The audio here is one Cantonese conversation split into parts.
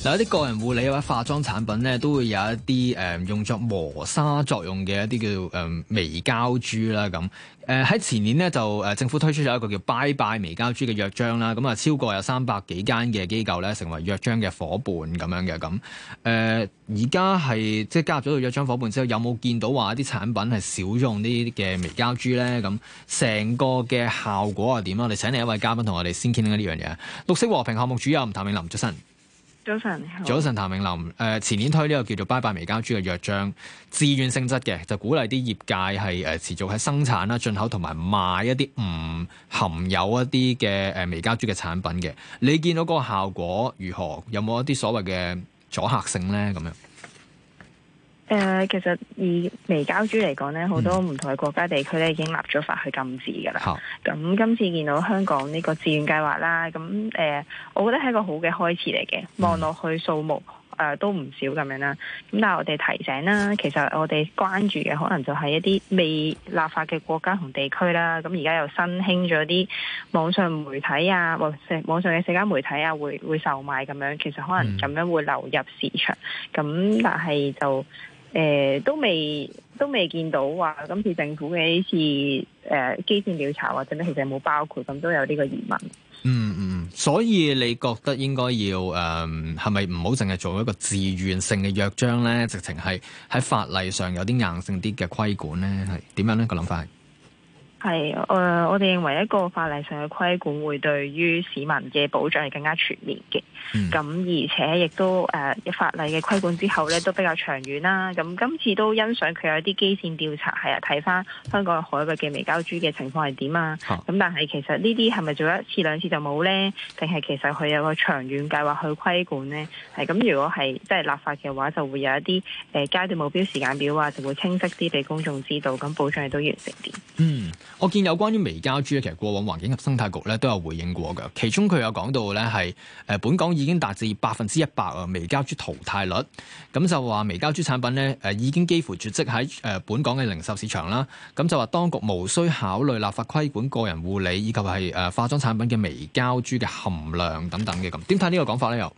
嗱，一啲個人護理或者化妝產品咧，都會有一啲誒、嗯、用作磨砂作用嘅一啲叫誒微膠珠啦。咁誒喺前年咧就誒、呃、政府推出咗一個叫拜拜微膠珠嘅約章啦。咁啊，超過有三百幾間嘅機構咧成為約章嘅伙伴咁樣嘅。咁誒而家係即係加入咗到約章伙伴之後，有冇見到話一啲產品係少用呢啲嘅微膠珠咧？咁成個嘅效果係點啊？我哋請嚟一位嘉賓同我哋先傾一呢樣嘢。綠色和平項目主任譚穎琳出身。早晨，早晨，譚穎琳，誒、呃、前年推呢個叫做拜拜微膠珠嘅約章，自願性質嘅，就鼓勵啲業界係誒、呃、持續喺生產啦、進口同埋賣一啲唔含有一啲嘅誒微膠珠嘅產品嘅，你見到嗰個效果如何？有冇一啲所謂嘅阻嚇性咧咁樣？誒、呃，其實以微膠珠嚟講咧，好多唔同嘅國家地區咧已經立咗法去禁止㗎啦。咁今好次見到香港呢個自願計劃啦，咁、呃、誒，我覺得係一個好嘅開始嚟嘅。望落去數目誒、呃、都唔少咁樣啦。咁但係我哋提醒啦，其實我哋關注嘅可能就係一啲未立法嘅國家同地區啦。咁而家又新興咗啲網上媒體啊，或社網上嘅社交媒體啊，會會售賣咁樣，其實可能咁樣會流入市場。咁但係就誒、呃，都未都未見到話今次政府嘅呢次誒、呃、基線調查或者咩其實冇包括，咁都有呢個疑問。嗯嗯，所以你覺得應該要誒係咪唔好淨係做一個自願性嘅約章咧，直情係喺法例上有啲硬性啲嘅規管咧，係點樣咧個諗法？係，誒、呃，我哋認為一個法例上嘅規管會對於市民嘅保障係更加全面嘅。咁、嗯、而且亦都誒、呃，法例嘅規管之後咧，都比較長遠啦。咁今次都欣賞佢有啲基線調查，係啊，睇翻香港海域嘅微膠珠嘅情況係點啊。咁、啊、但係其實呢啲係咪做一次兩次就冇呢？定係其實佢有個長遠計劃去規管呢？係咁、啊，如果係即係立法嘅話，就會有一啲誒、呃、階段目標、時間表啊，就會清晰啲俾公眾知道，咁保障亦都完成啲。嗯。我見有關於微膠珠嘅，其實過往環境及生態局咧都有回應過嘅，其中佢有講到咧係誒本港已經達至百分之一百啊微膠珠淘汰率，咁就話微膠珠產品咧誒已經幾乎絕跡喺誒本港嘅零售市場啦，咁就話當局無需考慮立法規管個人護理以及係誒化妝產品嘅微膠珠嘅含量等等嘅。咁，點睇呢個講法咧又？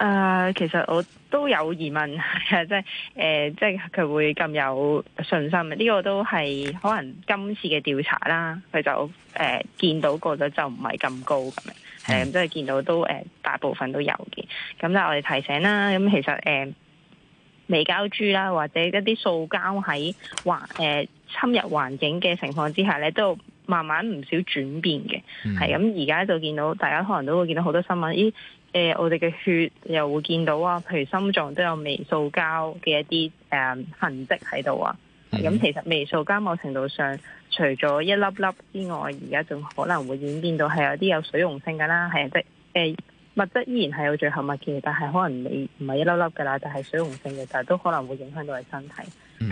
啊、呃，其實我都有疑問啊、呃，即係誒，即係佢會咁有信心啊？呢、這個都係可能今次嘅調查啦，佢就誒、呃、見到過咗就唔係咁高咁樣，係即係見到都誒、呃、大部分都有嘅。咁但係我哋提醒啦，咁其實誒、呃、微膠珠啦，或者一啲塑膠喺環誒侵入環境嘅情況之下咧，都慢慢唔少轉變嘅。係咁而家就見到大家可能都會見到好多新聞咦？誒、呃，我哋嘅血又會見到啊，譬如心臟都有微塑膠嘅一啲誒、呃、痕跡喺度啊。咁 其實微塑膠某程度上除咗一粒粒之外，而家仲可能會演變到係有啲有水溶性噶啦，係即誒物質依然係有最後物嘅，但係可能你唔係一粒粒噶啦，但係水溶性嘅，但係都可能會影響到你身體。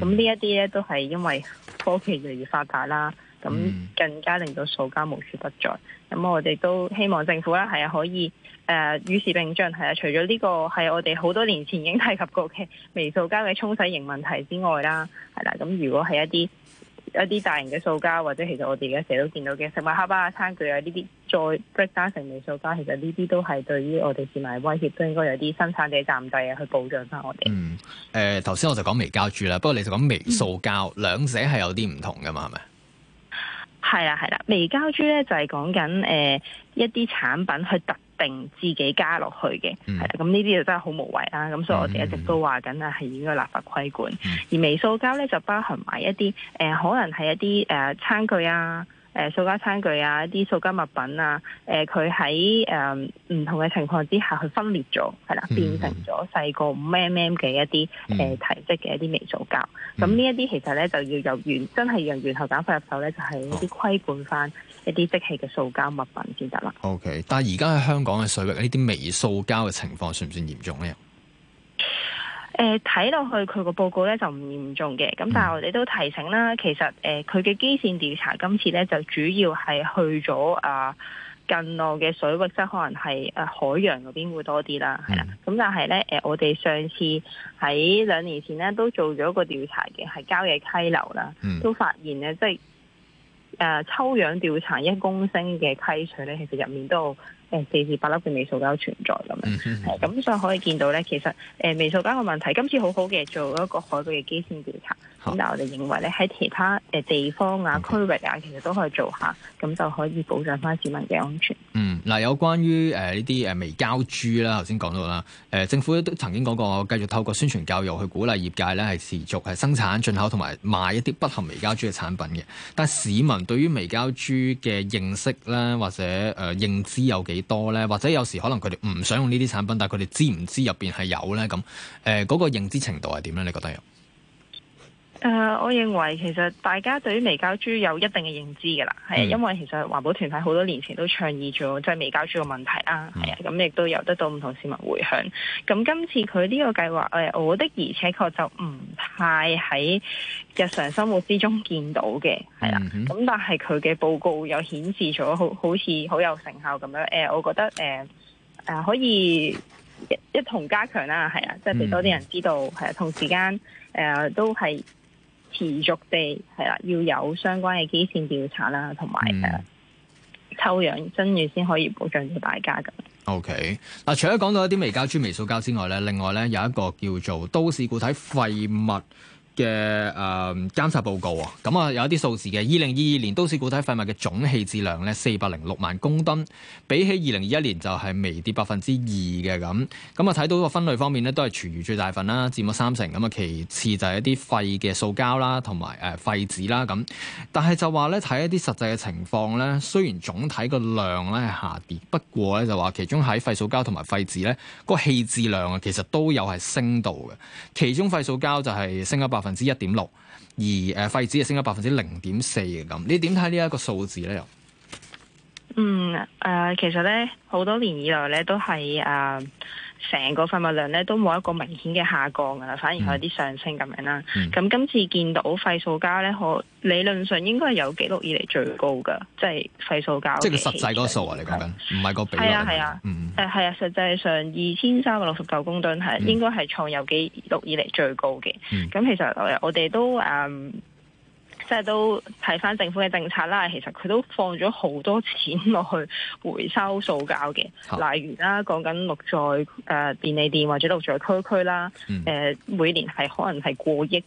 咁呢一啲咧都係因為科技越嚟越發達啦。 嗯 咁、嗯、更加令到塑膠無處不在。咁我哋都希望政府咧係啊，可以誒與時並進係啊。除咗呢個係我哋好多年前已經提及過嘅微塑膠嘅沖洗型問題之外啦，係啦。咁如果係一啲一啲大型嘅塑膠，或者其實我哋而家成日都見到嘅食物盒啊、餐具啊呢啲，再 break down 成微塑膠，其實呢啲都係對於我哋市民威脅，都應該有啲生產者限制啊，去保障翻我哋。嗯誒，頭、呃、先我就講微膠珠啦，不過你就講微塑膠，兩者係有啲唔同噶嘛？係咪？係啦，係啦，微膠珠咧就係講緊誒一啲產品去特定自己加落去嘅，係啊、嗯，咁呢啲就真係好無謂啦。咁、嗯、所以我哋一直都話緊啊，係應該立法規管。嗯、而微塑膠咧就包含埋一啲誒、呃，可能係一啲誒、呃、餐具啊。誒塑膠餐具啊，一啲塑膠物品啊，誒佢喺誒唔同嘅情況之下，佢分裂咗，係啦，變成咗細個五 mm 嘅一啲誒體積嘅一啲微塑膠。咁呢一啲其實咧就要由原真係由源頭減廢入手咧，就係、是、一啲規管翻一啲即棄嘅塑膠物品先得啦。O、okay, K，但係而家喺香港嘅水域，呢啲微塑膠嘅情況算唔算嚴重咧？誒睇落去佢個報告咧就唔嚴重嘅，咁、嗯、但係我哋都提醒啦，其實誒佢嘅基線調查今次咧就主要係去咗啊、呃、近岸嘅水域，即係可能係誒、呃、海洋嗰邊會多啲啦，係啦、嗯。咁但係咧誒我哋上次喺兩年前咧都做咗個調查嘅，係郊野溪流啦，嗯、都發現咧即係誒抽樣調查一公升嘅溪水咧，其實入面都誒四至八粒嘅微塑膠存在咁樣，係咁、 嗯、所以可以見到咧，其實誒微塑膠嘅問題，今次好好嘅做一個海域嘅基線調查，咁好但我哋認為咧喺其他誒地方啊 Okay. 區域啊，其實都可以做下，咁就可以保障翻市民嘅安全。嗯，嗱、啊，有關於誒呢啲誒微膠珠啦，頭先講到啦，誒、呃、政府都曾經講過，繼續透過宣傳教育去鼓勵業界咧係持續係生產、進口同埋賣一啲不含微膠珠嘅產品嘅。但市民對於微膠珠嘅認識咧，或者誒、呃、認知有幾多咧？或者有時可能佢哋唔想用呢啲產品，但佢哋知唔知入邊係有咧？咁誒嗰個認知程度係點咧？你覺得有？誒，uh, 我認為其實大家對於微膠珠有一定嘅認知噶啦，係、mm hmm. 因為其實環保團體好多年前都倡議咗，即係微膠珠嘅問題啊，係啊、mm，咁亦都有得到唔同市民回響。咁今次佢呢個計劃，誒，我的而且確就唔太喺日常生活之中見到嘅，係啦。咁、mm hmm. 但係佢嘅報告又顯示咗好好似好有成效咁樣。誒、呃，我覺得誒誒、呃、可以一同加強啦，係啊，即係俾多啲人知道，係啊、mm hmm.，同時間誒、呃、都係。持續地係啦，要有相關嘅基線調查啦，同埋誒抽樣，跟住先可以保障到大家㗎。O K。嗱，除咗講到一啲微膠珠、微塑膠之外咧，另外咧有一個叫做都市固體廢物嘅誒監察報告啊，咁啊有一啲數字嘅。二零二二年都市固體廢物嘅總氣質量總棄置量咧，四百零六萬公噸，比起二零二一年就係微跌百分之二嘅咁。咁啊睇到個分類方面咧，都係廚餘最大份啦，佔咗三成。咁啊其次就係一啲廢嘅塑膠啦，同埋誒廢紙啦咁。但係就話咧睇一啲實際嘅情況咧，雖然總體個量咧係下跌，不過咧就話其中喺廢塑膠同埋廢紙咧個氣質量棄置量啊，其實都有係升到嘅。其中廢塑膠就係升咗百分百分之一點六，而誒廢紙又升咗百分之零點四嘅咁，你點睇呢一個數字咧？又嗯誒，其實咧好多年以來咧都係誒。呃成個廢物量咧都冇一個明顯嘅下降噶啦，反而有啲上升咁樣啦。咁、嗯、今次見到廢塑膠咧，可理論上應該係有記錄以嚟最高噶，即係廢塑膠。即係佢實際嗰數啊？你講緊唔係個比啊？係啊係啊，誒係、嗯、啊、啊，實際上二千三百六十九公噸係應該係創有記錄以嚟最高嘅。咁、嗯嗯、其實我哋都誒。Um, 即係都睇翻政府嘅政策啦，其實佢都放咗好多錢落去回收塑膠嘅，啊、例如啦，講緊綠在誒便利店或者綠在區區啦，誒、呃、每年係可能係過億嘅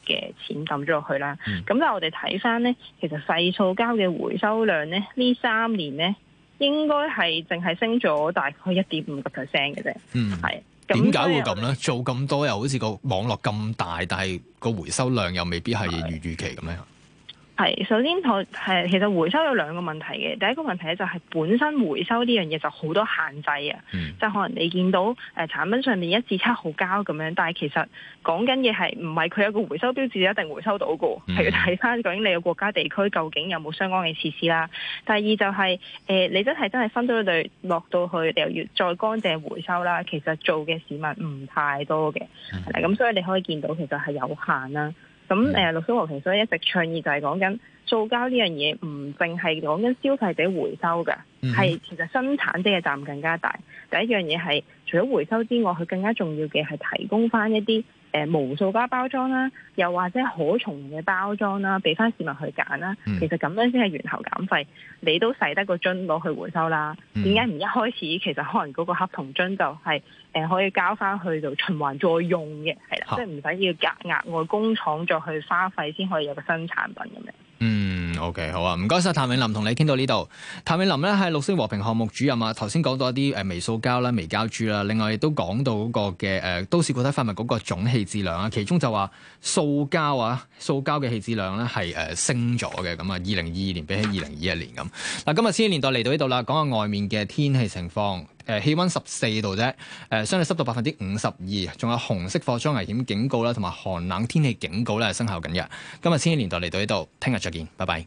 錢抌咗落去啦。咁、嗯、但係我哋睇翻咧，其實細塑膠嘅回收量咧，呢三年咧應該係淨係升咗大概一點五個 percent 嘅啫。嗯，係是。點解會咁咧？以做咁多又好似個網絡咁大，但係個回收量又未必係如預期咁咧？係，首先我係其實回收有兩個問題嘅，第一個問題咧就係本身回收呢樣嘢就好多限制啊，即係、嗯、可能你見到誒、呃、產品上面一至七號膠咁樣，但係其實講緊嘢係唔係佢有個回收標誌一定回收到噶，係、嗯、要睇翻究竟你嘅國家地區究竟有冇相關嘅設施啦。第二就係、是、誒、呃，你真係真係分到一對落到去，又要再乾淨回收啦，其實做嘅市民唔太多嘅，咁、嗯、所以你可以見到其實係有限啦。咁誒，綠色和平其實一直倡議就係講緊塑膠呢樣嘢，唔淨係講緊消費者回收嘅，係其實生產者嘅責任更加大。第一樣嘢係除咗回收之外，佢更加重要嘅係提供返一啲，誒無數家包裝啦，又或者可重嘅包裝啦，俾翻市民去揀啦。其實咁樣先係源頭減廢，你都使得個樽攞去回收啦。點解唔一開始其實可能嗰個盒同樽就係誒可以交翻去就循環再用嘅？係啦，即係唔使要額額外工廠再去花費先可以有個新產品咁樣。O.K. 好啊，唔該晒。譚穎琳，同你傾到呢度。譚穎琳咧係綠色和平項目主任啊，頭先講到一啲誒微塑膠啦、微膠珠啦，另外亦都講到嗰個嘅誒、呃、都市固體廢物嗰個總棄置量啊，其中就話塑膠啊，塑膠嘅棄置量咧係誒升咗嘅，咁啊，二零二二年比起二零二一年咁。嗱，今日先年代嚟到呢度啦，講下外面嘅天氣情況。誒氣溫十四度啫，相對濕度百分之五十二，仲有紅色火災危險警告啦，同埋寒冷天氣警告咧生效緊嘅。今日千禧年代嚟到呢度，聽日再見，拜拜。